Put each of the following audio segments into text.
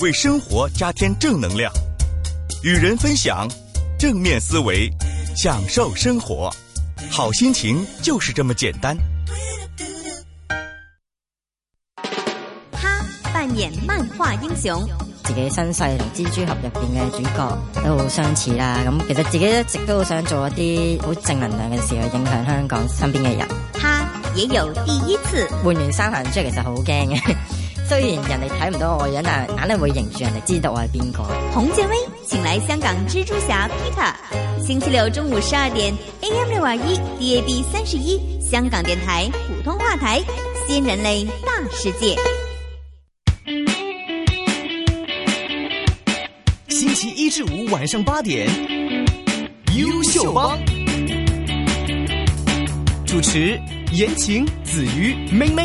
為生活加添正能量，與人分享，正面思維，享受生活，好心情就是這麼簡單。他扮演漫畫英雄，自己身世同蜘蛛俠入邊嘅主角都好相似啦。咁其實自己一直都好想做一啲好正能量嘅事去影響香港身邊嘅人。他也有第一次換完衫行出嚟，其實好驚嘅。雖然人哋睇唔到我人啊，眼能會認住人哋知道我係邊個？洪建威，請來香港蜘蛛俠 Peter。星期六中午十二點，AM 六二一，DAB 三十一，AM621, DAB31, 香港電台普通話台《新人類大世界》。星期一至五晚上八點，優《優秀幫》主持：言情子瑜、美美。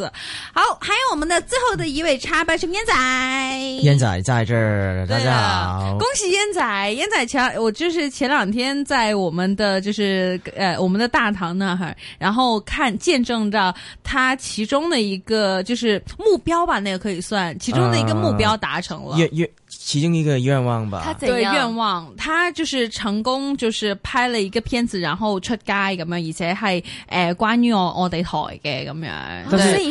好，還有我們的最後的一位插班生煙仔，煙仔在這兒，啊，大家好，恭喜煙仔，煙仔，前我就是前兩天在我們的就是呃我們的大堂那兒，然後看見證到他其中的一個就是目標吧，那個可以算其中的一個目標達成了，願、呃、願其中一個願望吧，他怎樣對願望，他就是成功，就是拍了一個片子，然後出街咁樣，而且係誒關於我我哋台嘅咁樣。對。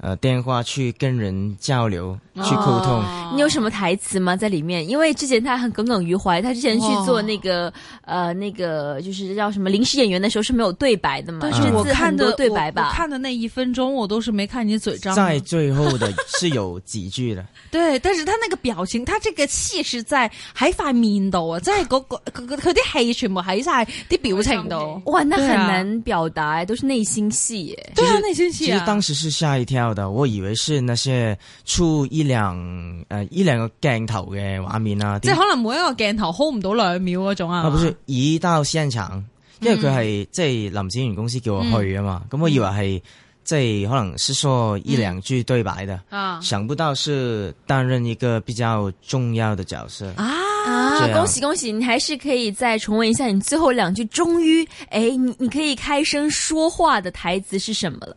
呃，電話去跟人交流，哦、去溝通。你有什麼台詞嗎？在裏面？因為之前他很耿耿於懷，他之前去做那個呃，那個就是叫什麼臨時演員的時候是沒有對白的嘛。就是我看的對白吧，啊、我看，的我我看的那一分鐘我都是沒看你嘴張。在最後的是有幾句的。 對，但是他那個表情，他這個氣勢在喺塊面度啊，在個個嗰嗰佢啲戲全部喺晒啲表情度。哇，那很難表達，啊、都是內心戲誒。對、就、啊、是就是，內心戲、啊。其實當時是嚇一跳。我以為是那些出一兩、呃、一兩個鏡頭嘅畫面啊，即係可能每一個鏡頭 hold 唔到兩秒嗰種啊，不是，移到現場，因為佢係即係林子源公司叫我去啊嘛，咁、嗯、我以為係即係可能是說一兩句對白的、嗯、啊，想不到是擔任一個比較重要的角色啊。啊，恭喜恭喜，你還是可以再重溫一下你最後兩句終於誒你你可以開聲說話的台詞是什麼了。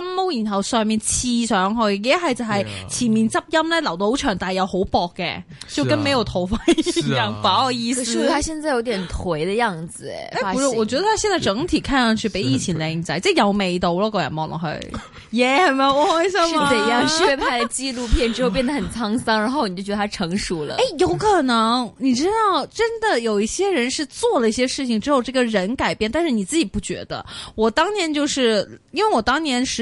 金毛，然後上面刺上去一係就係前面執音呢，yeah. 留到好長，但係又好薄嘅，yeah. 就跟沒有頭髮一、yeah. 樣、yeah. 是不好意思。佢，他現在有點頹的樣子，誒、 啊，誒、欸，不是，我覺得他現在整體看上去比以前靚仔，即 係有味道咯。個人望落去，耶，係咪我好想？是怎樣學拍紀錄片之後變得很滄桑， 然後你就覺得他成熟了、欸？有可能，你知道，真的有一些人是做了一些事情之後，這個人改變，但是你自己不覺得？我當年就是因為我當年是。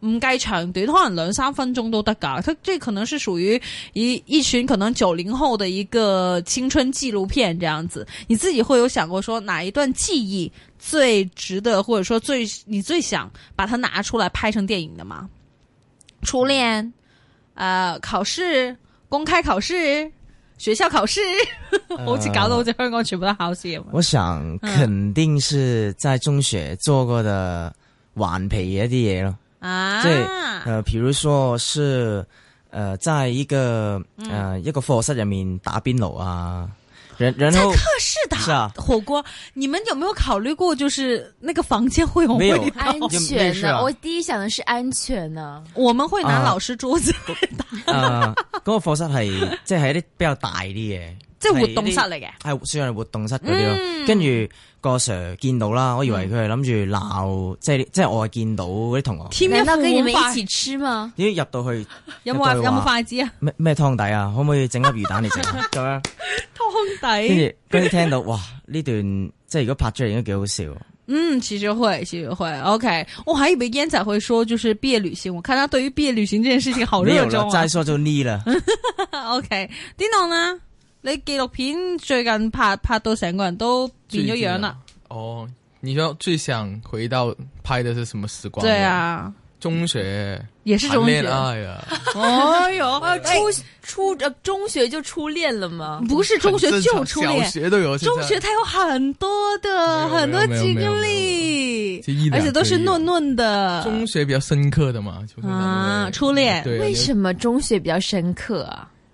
唔、嗯、該長，對，可能兩三分鐘都得㗎。他這可能是屬於一一群可能九零後的一個青春紀錄片這樣子。你自己會有想過說哪一段記憶最值得，或者說最你最想把它拿出來拍成電影的嗎？初戀，呃，考試，公開考試，學校考試，好似搞到好似香港全部都考試。我想肯定是在中學做過的玩皮一啲嘢咯。即、啊、係，誒、呃，譬如說是，呃在一個，呃、嗯、一個課室入面打邊爐啊，人人，在課室打火鍋、啊，你們有沒有考慮過，就是那個房間會有冇安全呢？ 我第一想的是安全呢，我們會拿老師桌子打、啊。嗰個課、呃、 室係即係一啲比較大啲嘅。即係活動室嚟嘅，係算係活動室嗰啲咯。跟、嗯、住、嗯、個 Sir 見到啦，我以為佢係諗住鬧，即係即係我係見到嗰啲同學。添啊，跟住一持箸嘛？咦，入到去，入到去有冇有冇筷子啊？咩咩湯底啊？可唔可以整粒魚蛋嚟食？咁樣湯底。跟住跟住聽到哇，呢段即係如果拍出嚟應該幾好笑。嗯，其實會，其實會。OK，我還以為煙仔會說就是畢業旅行，我看他對於畢業旅行這件事情好熱衷、啊。沒有了，再 說就膩了。OK，Dino、okay, 呢？你紀錄片最近拍拍到成個人都變咗樣啦、啊！哦，你說最想回到拍的是什麼時光、啊？對啊，中學也是中學啊！哎 哦、呦，初、欸、初，初、啊、中學就初戀了嗎？不是中學就初戀，小學都有。中學他有很多的，很多，的很多經歷，而且都是嫩嫩的。中學比較深刻的嘛？啊，初戀，為什麼中學比較深刻？啊？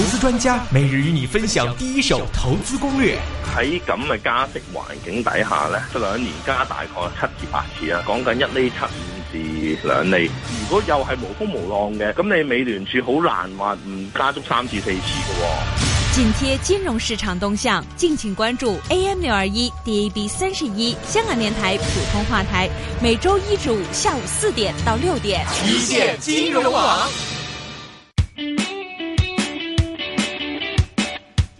投資專家每日與你分享第一手投資攻略。喺咁嘅加息環境底下呢，這兩年加大概七至八次啊，講緊一厘七五至兩厘。如果又係無風無浪嘅，咁你美聯儲好難話唔加足三至四次嘅。緊貼金融市場動向，敬請關注 AM 六二一 DAB 三十一香港電台普通話台，每周一至五下午四點到六點，一線金融網。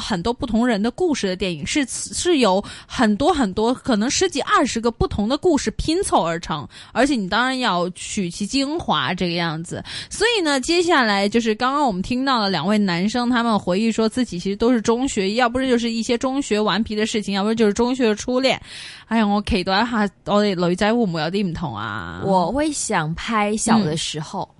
很多不同人的故事的電影是是由很多很多可能十幾二十個不同的故事拼湊而成，而且你當然要取其精華這個樣子。所以呢，接下來就是剛剛我們聽到了兩位男生他們回憶說自己其實都是中學，要不是就是一些中學頑皮的事情，要不是就是中學的初戀。哎呀，我期待一下，我哋女仔會唔會有啲唔同啊？我會想拍小的時候。嗯。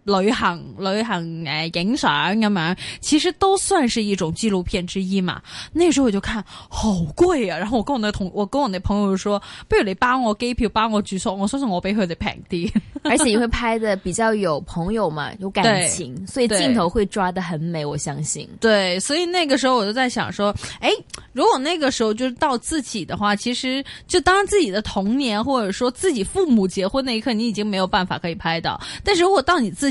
旅行旅行誒，影相咁樣，其實都算是一種紀錄片之一嘛。那時候我就看好貴啊，然後我跟我那同我跟我那朋友說，不如你幫我機票，幫我住宿，我說是我比佢哋平啲。 而且你會拍的比較有朋友嘛，有感情，所以鏡頭會抓得很美。我相信。對，所以那個時候我就在想說，誒，如果那個時候就是到自己的話，其實就當自己的童年，或者說自己父母結婚那一刻，你已經沒有辦法可以拍到。但是如果到你自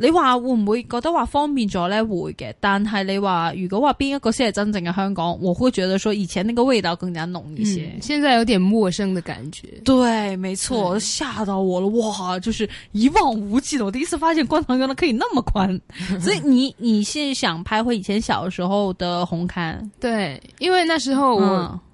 你話會唔會覺得話方便咗呢？會嘅，但係你話如果話邊一個先係真正嘅香港，我會覺得說，以前那個味道更加濃一些。嗯、現在有點陌生嘅感覺。對，沒錯，嚇到我了，哇！就是一望無際，我第一次發現觀塘原來可以那麼寬。 所以你你先想拍回以前小時候的紅磡？對，因為那時候我、嗯。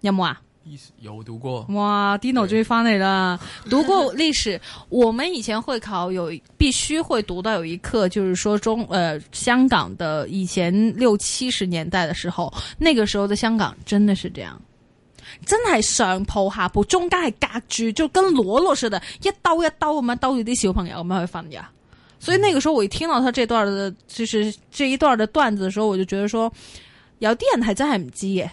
有冇啊？有讀過哇！迪諾終於翻嚟啦，讀過歷史。 我們以前會考有必須會讀到有一課，就是說中呃香港的以前六七十年代的時候，那個時候的香港真的是這樣，真係上鋪下鋪中間係隔住，就跟羅羅似的，一刀一刀咁樣兜住啲小朋友咁樣去瞓嘅。所以那個時候我一聽到他這段的，的就是這一段的段子的時候，我就覺得說，有啲人係真係唔知耶。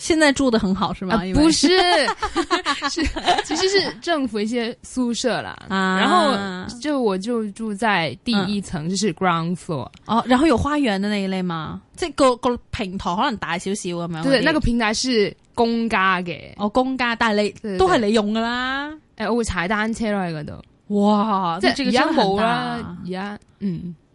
現在住得很好，是嗎？啊、不是， 是其實是政府一些宿舍啦啊。然後就我就住在第一層，嗯、就是 ground floor。哦，然後有花園的那一類嗎？這個、這個平台可能大少少咁樣？對，對，那個平台是公家嘅，我、哦、公家帶，但係你都係你用㗎啦。誒、哎，我會踩單車落去嗰度。哇，即係而家冇啦，而家、啊、嗯。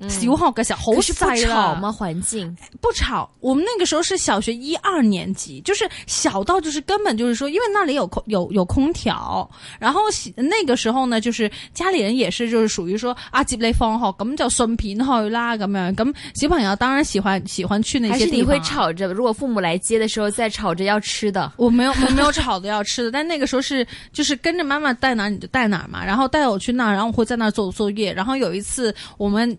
嗯、小號個小，好是不吵嗎？環境不吵。我們那個時候是小學一二年級，就是小到就是根本就是說，因為那裏有空有有空調，然後洗那個時候呢，就是家裏人也是就是屬於說啊接雷峰哈，咁叫順便去啦，咁樣咁小朋友當然喜歡喜歡去那些地方，啊。還是你會吵着？如果父母來接的時候，再吵着要吃的？我沒有我沒有吵着要吃的， 但那個時候是就是跟着媽媽帶哪你就帶哪嘛，然後帶我去那，然後我會在那做作業，然後有一次我們。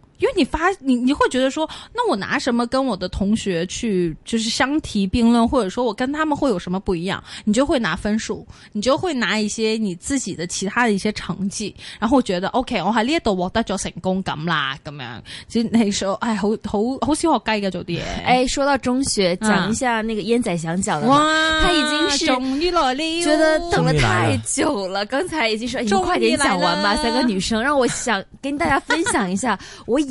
因為你發你你會覺得說，那我拿什麼跟我的同學去就是相提並論，或者說我跟他們會有什麼不一樣？你就會拿分數，你就會拿一些你自己的其他的一些成績，然後我覺得 OK，我喺呢一度獲得咗成功感啦，咁樣。其實那時候哎，好好好小學雞嘅做啲嘢。哎，說到中學，講一下那個燕仔想講的。哇，他已經是覺得等了太久了。了剛才已經說，哎，你快點講完吧，三個女生，讓我想跟大家分享一下，我以。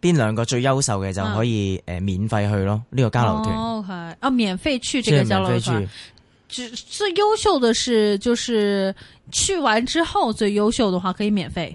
邊兩個最優秀嘅就可以誒免費去咯，呢、啊，這個交流團。哦，係、okay、啊，免費去這個交流團。最優秀的是，就是去完之後最優秀的話可以免費。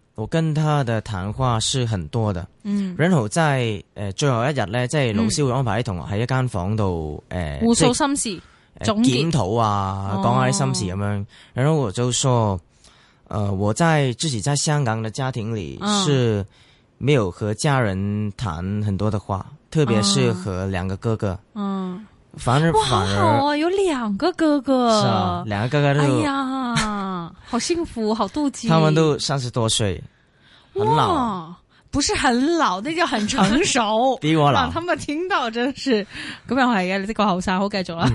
我跟他的談話是很多的。嗯，然後在誒、呃、最後一日咧，即係老師會安排啲同學喺一間房度誒，互訴心事，檢討、呃、啊，哦、講下啲心事咁樣。然後我就說，呃，我在自己在香港的家庭裏是沒有和家人談很多的話，嗯、特別是和兩個哥哥。嗯，反而反而哦、啊，有兩個哥哥，是啊，兩個哥哥都有。哎呀。好幸福，好妒忌。他們都三十多歲，很老哇，不是很老，那叫很成熟。 比我老，啊，他們聽到真是咁又係嘅。你呢個後生好繼續啦。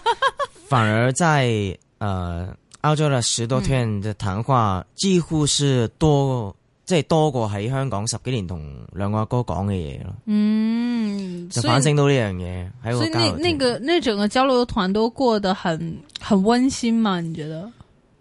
反而在，誒、呃，澳洲的十多天的談話，嗯，幾乎是多，即、就、係、是、多過喺香港十幾年同兩個阿哥講嘅嘢咯。嗯，就反省到呢樣嘢。所以，那那個，那整個交流團都過得很，很溫馨嘛？你覺得？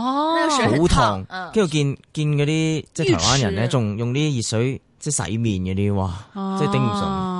好燙，跟、哦、住見、嗯、見嗰啲即係台灣人咧，仲用啲熱水即係洗面嗰啲，哇！即係頂唔順。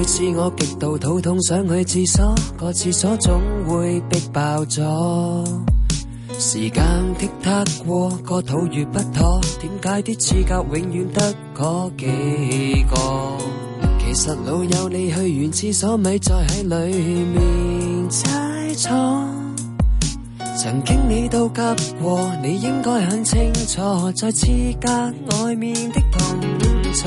每次我極度肚痛，想去廁所，個廁所總會逼爆咗。時間踢踏過，個肚越不妥，點解啲廁格永遠得嗰幾個？其實老友你去完廁所咪再喺裏面猜錯。曾經你都急過，你應該很清楚，在廁格外面的痛楚。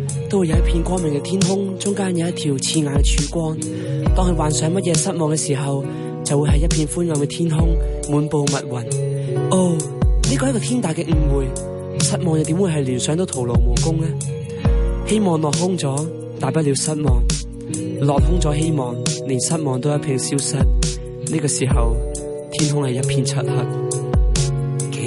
都會有一片光明嘅天空，中間有一條刺眼嘅曙光。當佢幻想乜嘢失望嘅時候，就會係一片灰暗嘅天空，滿布密雲。哦，呢個係一個天大嘅誤會，失望又點會係聯想到徒勞無功呢？希望落空咗，大不了失望；落空咗希望，連失望都一片消失。呢個時候，天空係一片漆黑。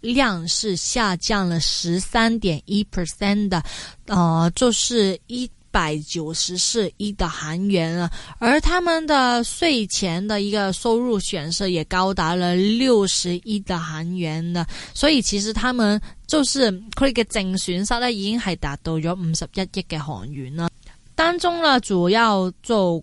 量是下降了十三點一 percent 的，呃，就是一百九十四億的韓元了。而他們的稅前的一個收入損失也高達了六十億的韓元的，所以其實他們就是的，佢哋嘅淨損失咧已經係達到咗五十一億嘅韓元啦。當中呢，主要做。